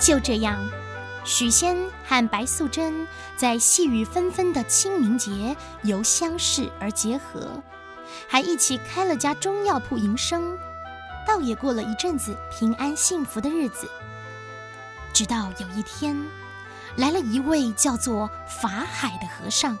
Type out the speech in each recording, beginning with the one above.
就這樣，許仙和白素貞在細雨紛紛的清明節由相識而結合，還一起開了家中藥鋪營生，倒也過了一陣子平安幸福的日子。直到有一天，來了一位叫做法海的和尚。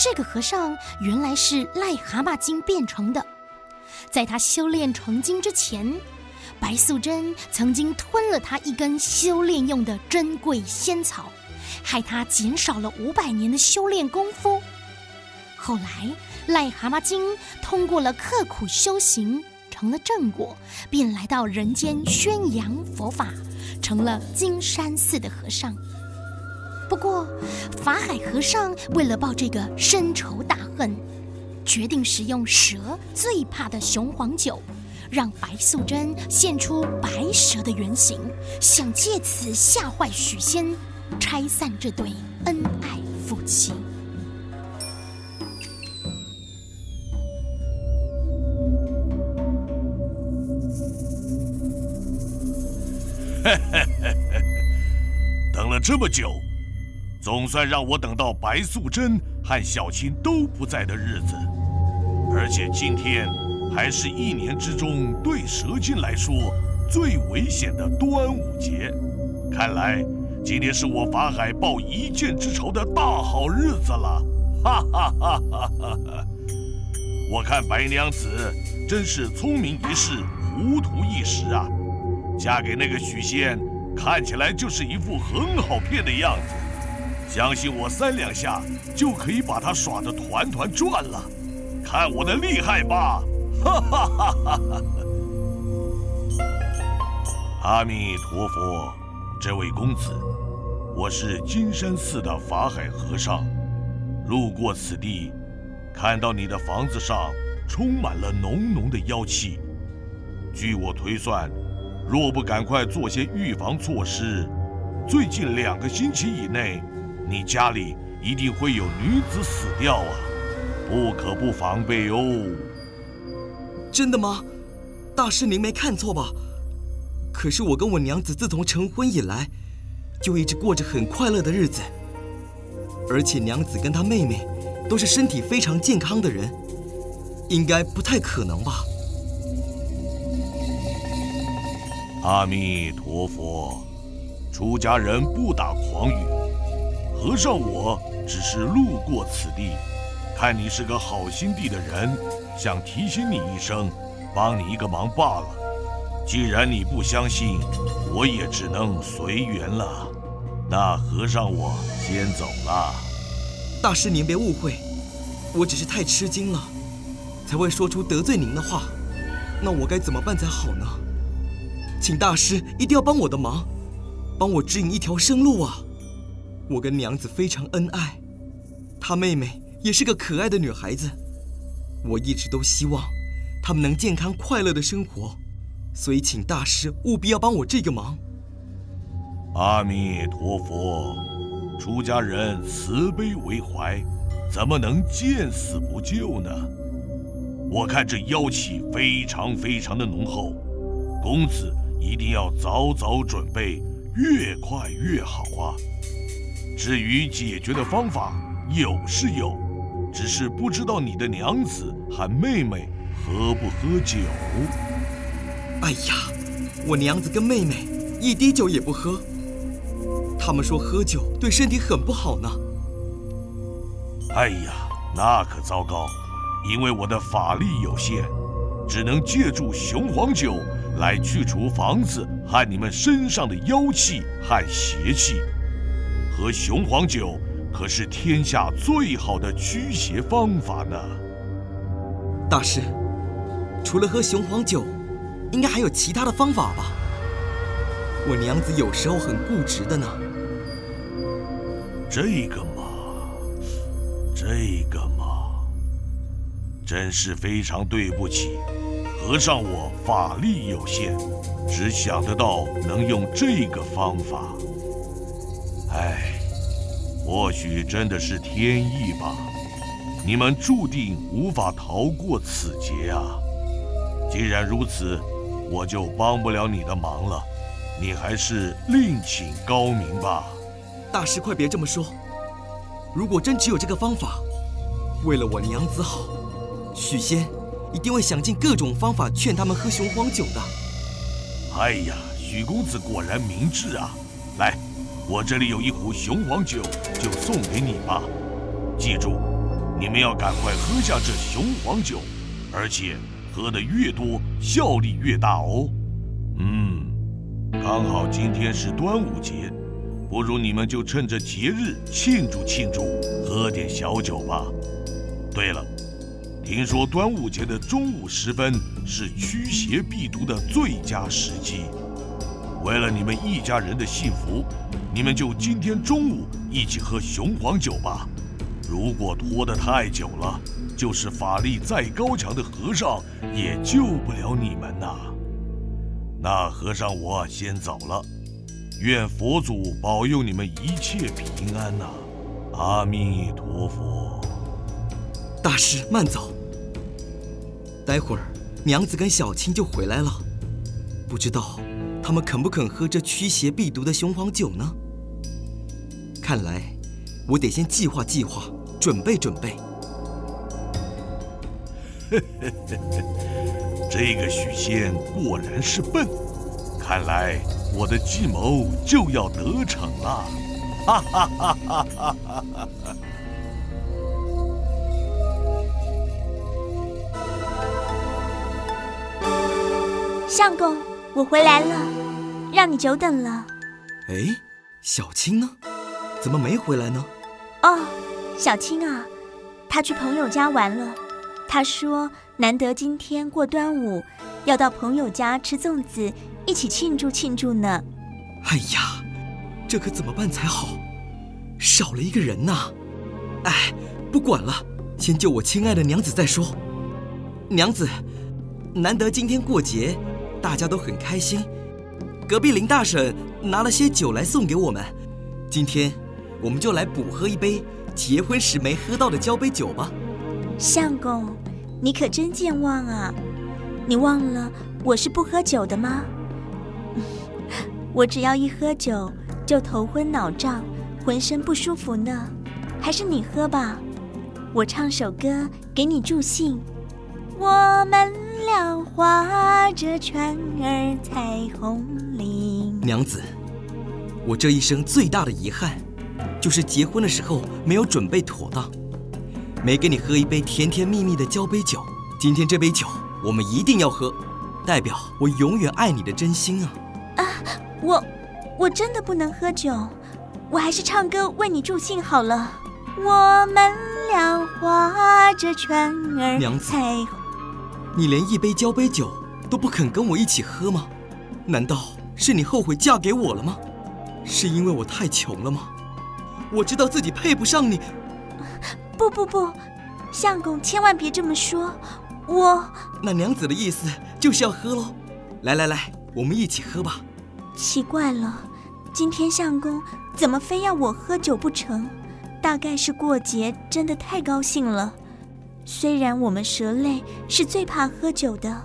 這個和尚原來是癩蛤蟆精變成的，在他修煉成精之前，白素貞曾經吞了他一根修煉用的珍貴仙草，害他減少了五百年的修煉功夫。後來，癩蛤蟆精通過了刻苦修行，成了正果，便來到人間宣揚佛法，成了金山寺的和尚。不過，法海和尚為了報這個深仇大恨，決定使用蛇最怕的雄黃酒。讓白素貞現出白蛇的原形，想借此嚇壞許仙，拆散這對恩愛夫妻。嘿嘿嘿嘿，等了這麼久，總算讓我等到白素貞和小青都不在的日子，而且今天。還是一年之中對蛇精來說最危險的端午節，看來今天是我法海報一箭之仇的大好日子了。哈哈哈哈哈哈！我看白娘子真是聰明一世，糊塗一時啊！嫁給那個許仙，看起來就是一副很好騙的樣子，相信我三兩下就可以把他耍得團團轉了，看我的厲害吧！哈，哈哈哈哈，阿彌陀佛，這位公子，我是金山寺的法海和尚。路過此地，看到你的房子上充滿了濃濃的妖氣。據我推算，若不趕快做些預防措施，最近兩個星期以內，你家裡一定會有女子死掉啊！不可不防備哦。真的嗎？大師您沒看錯吧？可是我跟我娘子自從成婚以來，就一直過着很快樂的日子。而且娘子跟她妹妹，都是身體非常健康的人，應該不太可能吧？阿彌陀佛，出家人不打誑語。和尚我只是路過此地，看你是個好心地的人。想提醒你一聲，幫你一個忙罷了。既然你不相信，我也只能隨緣了。大和尚，我先走了。大師，您別誤會，我只是太吃驚了，才會說出得罪您的話。那我該怎麼辦才好呢？請大師一定要幫我的忙，幫我指引一條生路啊！我跟娘子非常恩愛，她妹妹也是個可愛的女孩子。我一直都希望他們能健康快樂的生活，所以請大師務必要幫我這個忙。阿彌陀佛，出家人慈悲為懷，怎麼能見死不救呢？我看這妖氣非常非常的濃厚，公子一定要早早準備，越快越好啊！至於解決的方法，有是有。只是不知道你的娘子和妹妹喝不喝酒？哎呀，我娘子跟妹妹一滴酒也不喝，他們說喝酒對身體很不好呢。哎呀，那可糟糕，因為我的法力有限，只能借助雄黃酒來去除房子和你們身上的妖氣和邪氣，喝雄黃酒。可是天下最好的驅邪方法呢，大師，除了喝雄黃酒，應該還有其他的方法吧？我娘子有時候很固執的呢。這個嘛，這個嘛，真是非常對不起，和尚我法力有限，只想得到能用這個方法。哎。或許真的是天意吧，你們注定無法逃過此劫啊！既然如此，我就幫不了你的忙了，你還是另請高明吧。大師，快別這麼說，如果真只有這個方法，為了我娘子好，許仙一定會想盡各種方法勸他們喝雄黃酒的。哎呀，許公子果然明智啊！來。我這裡有一壺雄黃酒，就送給你吧。記住，你們要趕快喝下這雄黃酒，而且喝得越多，效力越大哦。嗯，剛好今天是端午節，不如你們就趁着節日慶祝慶祝，喝點小酒吧。對了，聽說端午節的中午時分是驅邪避毒的最佳時機。為了你們一家人的幸福，你們就今天中午一起喝雄黃酒吧。如果拖得太久了，就是法力再高強的和尚也救不了你們吶。那和尚，我先走了。願佛祖保佑你們一切平安吶，啊，阿彌陀佛。大師慢走。待會兒，娘子跟小青就回來了，不知道。他們肯不肯喝這驅邪避毒的雄黃酒呢？看來我得先計劃計劃，準備準備。呵呵呵，這個許仙果然是笨，看來我的計謀就要得逞了。哈哈哈哈哈哈！相公。我回來了，讓你久等了。哎，小青呢？怎麼沒回來呢？哦，小青啊，她去朋友家玩了。她說難得今天過端午，要到朋友家吃粽子，一起慶祝慶祝呢。哎呀，這可怎麼辦才好？少了一個人吶。哎，不管了，先救我親愛的娘子再說。娘子，難得今天過節。大家都很開心，隔壁林大嬸拿了些酒來送給我們。今天，我們就來補喝一杯結婚時沒喝到的交杯酒吧。相公，你可真健忘啊！你忘了我是不喝酒的嗎？ 我只要一喝酒就頭昏腦脹，渾身不舒服呢。還是你喝吧，我唱首歌給你助興。我們。倆划著船兒，採紅菱。娘子，我這一生最大的遺憾，就是結婚的時候沒有準備妥當，沒給你喝一杯甜甜蜜蜜的交杯酒。今天這杯酒，我們一定要喝，代表我永遠愛你的真心啊！啊，我我真的不能喝酒，我還是唱歌為你助興好了。我們倆划著船兒，採紅菱。你連一杯交杯酒都不肯跟我一起喝嗎？難道是你後悔嫁給我了嗎？是因為我太窮了嗎？我知道自己配不上你。不不不，相公千萬別這麼說。我那娘子的意思就是要喝嘍。來來來，我們一起喝吧。奇怪了，今天相公怎麼非要我喝酒不成？大概是過節，真的太高興了。雖然我們蛇類是最怕喝酒的，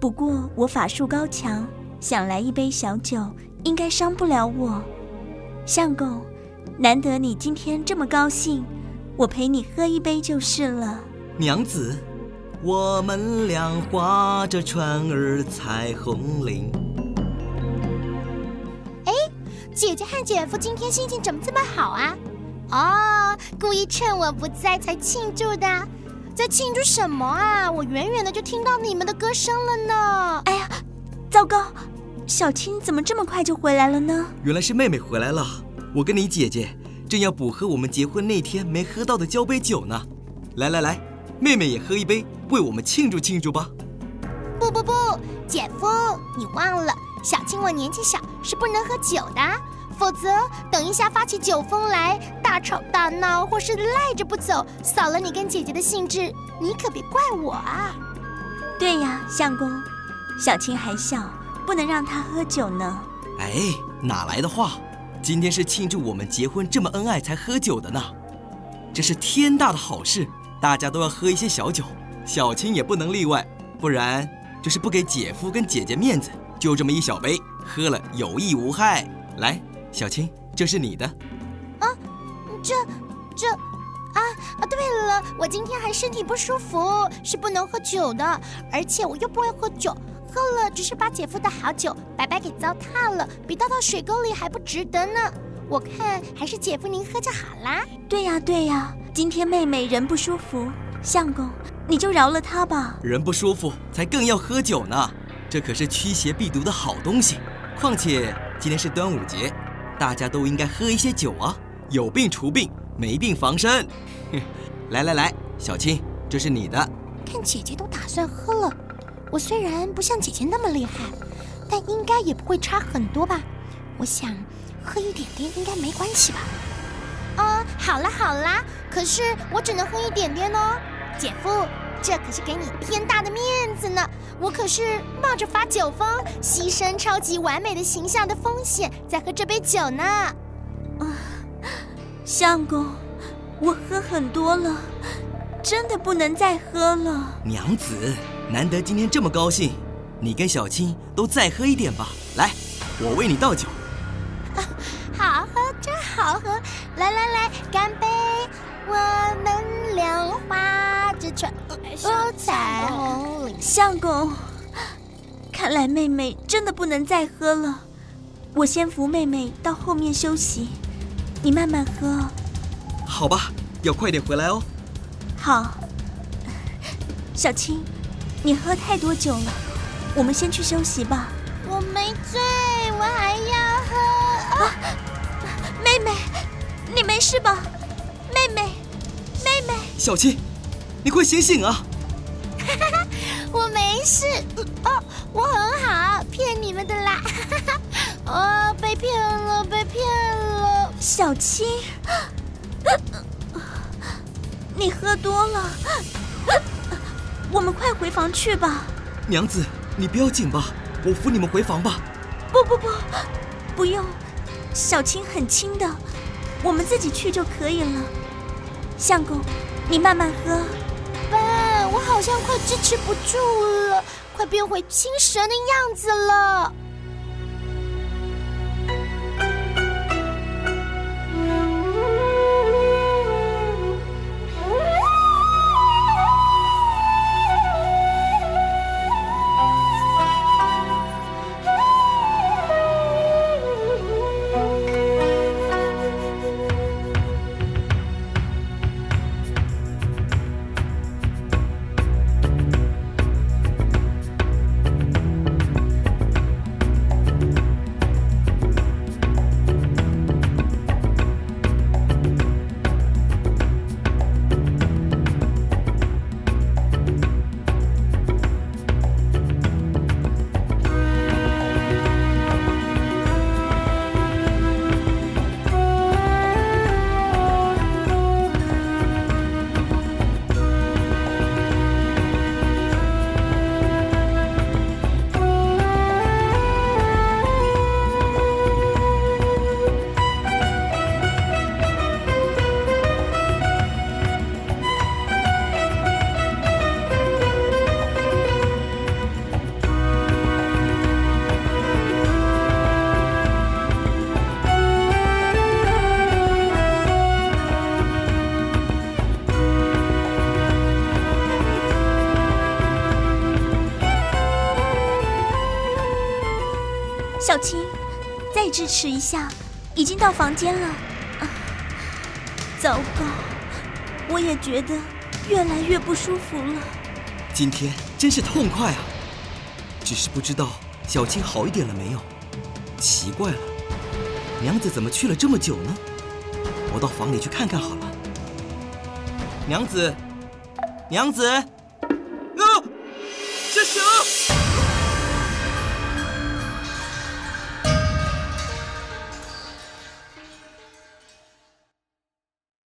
不過我法術高強，想來一杯小酒應該傷不了我。相公，難得你今天這麼高興，我陪你喝一杯就是了。娘子，我們倆划着船兒採紅菱。哎，姐姐和姐夫今天心情怎麼這麼好啊？哦，故意趁我不在才慶祝的。在慶祝什麼啊？我遠遠的就聽到你們的歌聲了呢。哎呀，糟糕！小青怎麼這麼快就回來了呢？原來是妹妹回來了。我跟你姐姐正要補喝我們結婚那天沒喝到的交杯酒呢。來來來，妹妹也喝一杯，為我們慶祝慶祝吧。不不不，姐夫，你忘了，小青我年紀小，是不能喝酒的，否則等一下發起酒瘋來大吵大鬧，或是賴着不走，掃了你跟姐姐的興致，你可別怪我啊！對呀，相公，小青還小，不能讓她喝酒呢。哎，哪來的話？今天是慶祝我們結婚這麼恩愛才喝酒的呢，這是天大的好事，大家都要喝一些小酒，小青也不能例外，不然就是不給姐夫跟姐姐面子。就這麼一小杯，喝了有益無害。來，小青，這是你的。這，這，啊啊！對了，我今天還身體不舒服，是不能喝酒的。而且我又不會喝酒，喝了只是把姐夫的好酒白白給糟蹋了，比倒到水溝裡還不值得呢。我看還是姐夫您喝就好啦。對呀、啊、對呀、啊，今天妹妹人不舒服，相公你就饒了她吧。人不舒服才更要喝酒呢，這可是驅邪避毒的好東西。況且今天是端午節，大家都應該喝一些酒啊。有病除病，沒病防身。來來來，小青，這是你的。看姐姐都打算喝了，我雖然不像姐姐那麼厲害，但應該也不會差很多吧？我想喝一點點應該沒關係吧？哦，好啦好啦，可是我只能喝一點點哦。姐夫，這可是給你天大的面子呢！我可是冒着發酒瘋、犧牲超級完美的形象的風險在喝這杯酒呢。相公，我喝很多了，真的不能再喝了。娘子，難得今天這麼高興，你跟小青都再喝一點吧。來，我為你倒酒。啊。好喝，真好喝！來來來，乾杯！我們倆划着船，哦、呃，彩虹。相公，看來妹妹真的不能再喝了，我先扶妹妹到後面休息。你慢慢喝哦，好吧，要快點回來哦。好，小青，你喝太多酒了，我們先去休息吧。我沒醉，我還要喝。啊，哦，妹妹，你沒事吧？妹妹，妹妹，小青，你快醒醒啊！ 我沒事哦，我很好，騙你們的啦。哦，被騙了，被騙了。小青，你喝多了，我們快回房去吧。娘子，你不要緊吧？我扶你們回房吧。不不不，不用，小青很輕的，我們自己去就可以了。相公，你慢慢喝。哎，我好像快支持不住了，快變回青蛇的樣子了。遲一下，已經到房間了啊。糟糕，我也覺得越來越不舒服了。今天真是痛快啊！只是不知道小青好一點了沒有？奇怪了，娘子怎麼去了這麼久呢？我到房裡去看看好了。娘子，娘子。